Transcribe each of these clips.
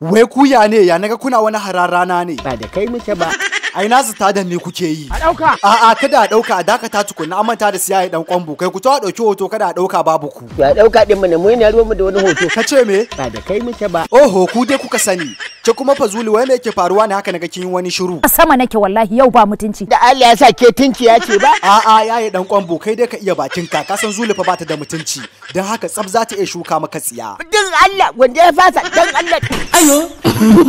Wai ku ya ne ya naga kuna wani hararana ne. Ba da kai muke ba. Ai na zata da ni kuke yi. A ɗauka. A'a kada a ɗauka a dakata tukunna an manta da siya ya ɗan kwambo kai ku to a ɗauki hoto kada a ɗauka babu ku. Ya ɗauka din mu ne mu ne ruwan mu da wani hoto. Ka ce me? Ba da kai muke ba. Oho ku dai kuka sani. Ke kuma Fazuli wai me yake faruwa ne haka naga kin wani shiru? Sama nake wallahi yau ba mutunci. Da Allah ya sa ke tinki ya ce ba? A'a yayi dan kwambo kai dai ka iya bakin ka ka san Zulufa ba ta da mutunci. Dan haka tsab za ta iya shuka maka tsiya. Dan Allah wanda ya fasa dan Allah. Ayo ko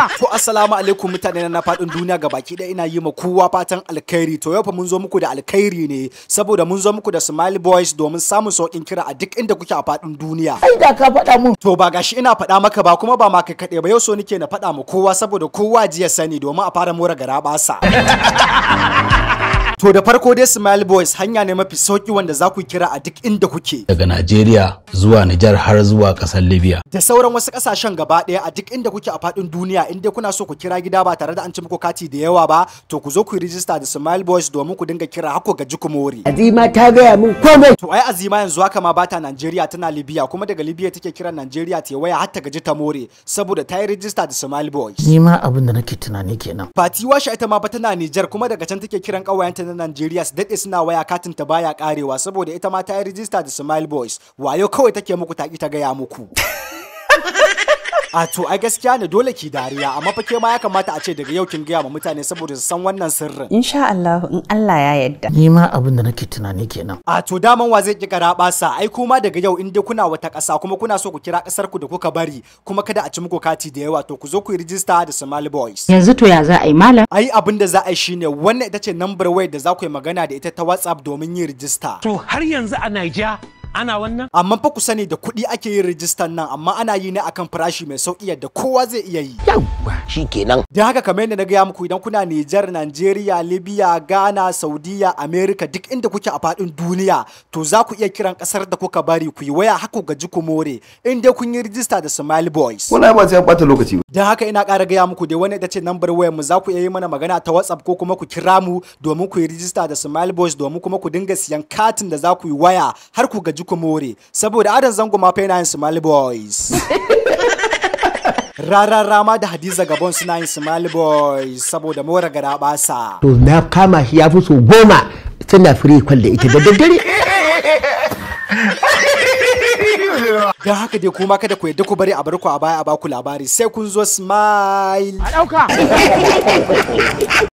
to assalamu alaikum mutane na fadin duniya ga baki ɗaya ina yi ma kowa fatan alkhairi to yau fa mun zo muku da alkhairi ne saboda mun zo muku da smile boys domin samun saukin kira a duk inda kuke a fadin duniya ai da ka faɗa mun to ba gashi ina faɗa maka ba kuma ba ma kai kaɗai ba yau so nake na faɗa ma kowa saboda kowa ji ya sani domin a fara mora gara basa To da farko dai Smile Boys hanya ne mafi sauki wanda za ku kira a duk inda kuke. Daga Najeriya zuwa Nijar har zuwa ƙasar Libya. Da sauran wasu kasashen gaba ɗaya a duk inda kuke a faɗin duniya in dai kuna so ku kira gida ba tare da an ci muku kati da yawa ba to ku zo ku rijista da Smile Boys domin ku dinga kira hako ga jiku mori. Azima ta gaya min komai. To ai Azima yanzu haka ma bata Najeriya tana Libya kuma daga Libya take kiran Najeriya ta waya har ta gaji ta more saboda ta yi rijista da Smile Boys. Ni ma abin da nake tunani kenan. Fati washa ita ma ba tana Nijar kuma daga can take kiran ƙawayenta na Najeriya su daɗe suna waya katin ta baya karewa saboda ita ma ta yi rijista da Smile Boys wayo kawai take muku ta ta gaya muku. a to ai gaskiya ne dole ki dariya amma fa ke ma ya kamata a ce daga yau kin gaya ma mutane saboda su san wannan sirrin insha Allah in Allah ya yarda ni ma abin da nake tunani kenan a to daman wa zai ki kara sa ai kuma daga yau in dai kuna wata ƙasa kuma kuna so ku kira ƙasar ku da kuka bari kuma kada a ci muku kati da yawa to ku zo ku yi rijista da Somali Boys yanzu to ya za a yi malam ai abin da za a yi shine wannan ita ce number waya da za ku yi magana da ita ta WhatsApp domin yin rijista to har yanzu a Niger ana wannan amma fa ku sani da kuɗi ake yin rijistan nan amma ana yi ne akan farashi mai sauƙi yadda kowa zai iya yi yawwa shikenan da haka kamar yadda na gaya muku idan kuna Nijar Najeriya Libya Ghana Saudiya America duk inda kuke a fadin duniya to za ku iya kiran kasar da kuka bari ku yi waya haku gaji ku more in dai kun yi rijista da Smile Boys Wallahi ba sai ɓata lokaci ba da haka ina ƙara gaya muku dai wani ita ce number waya mu za ku iya yi mana magana ta WhatsApp ko kuma ku kira mu domin ku yi rijista da Smile Boys domin kuma ku dinga siyan katin da za ku yi waya har ku gaji ku more saboda adan zango ma fa yin small boys rarar rama da hadiza gabon suna yin small boys saboda mora gara basa to na kama shi ya fi so goma suna free call ita da daddare don haka dai kuma kada ku yadda ku bari a bar ku a baya a baku labari sai kun zo smile a dauka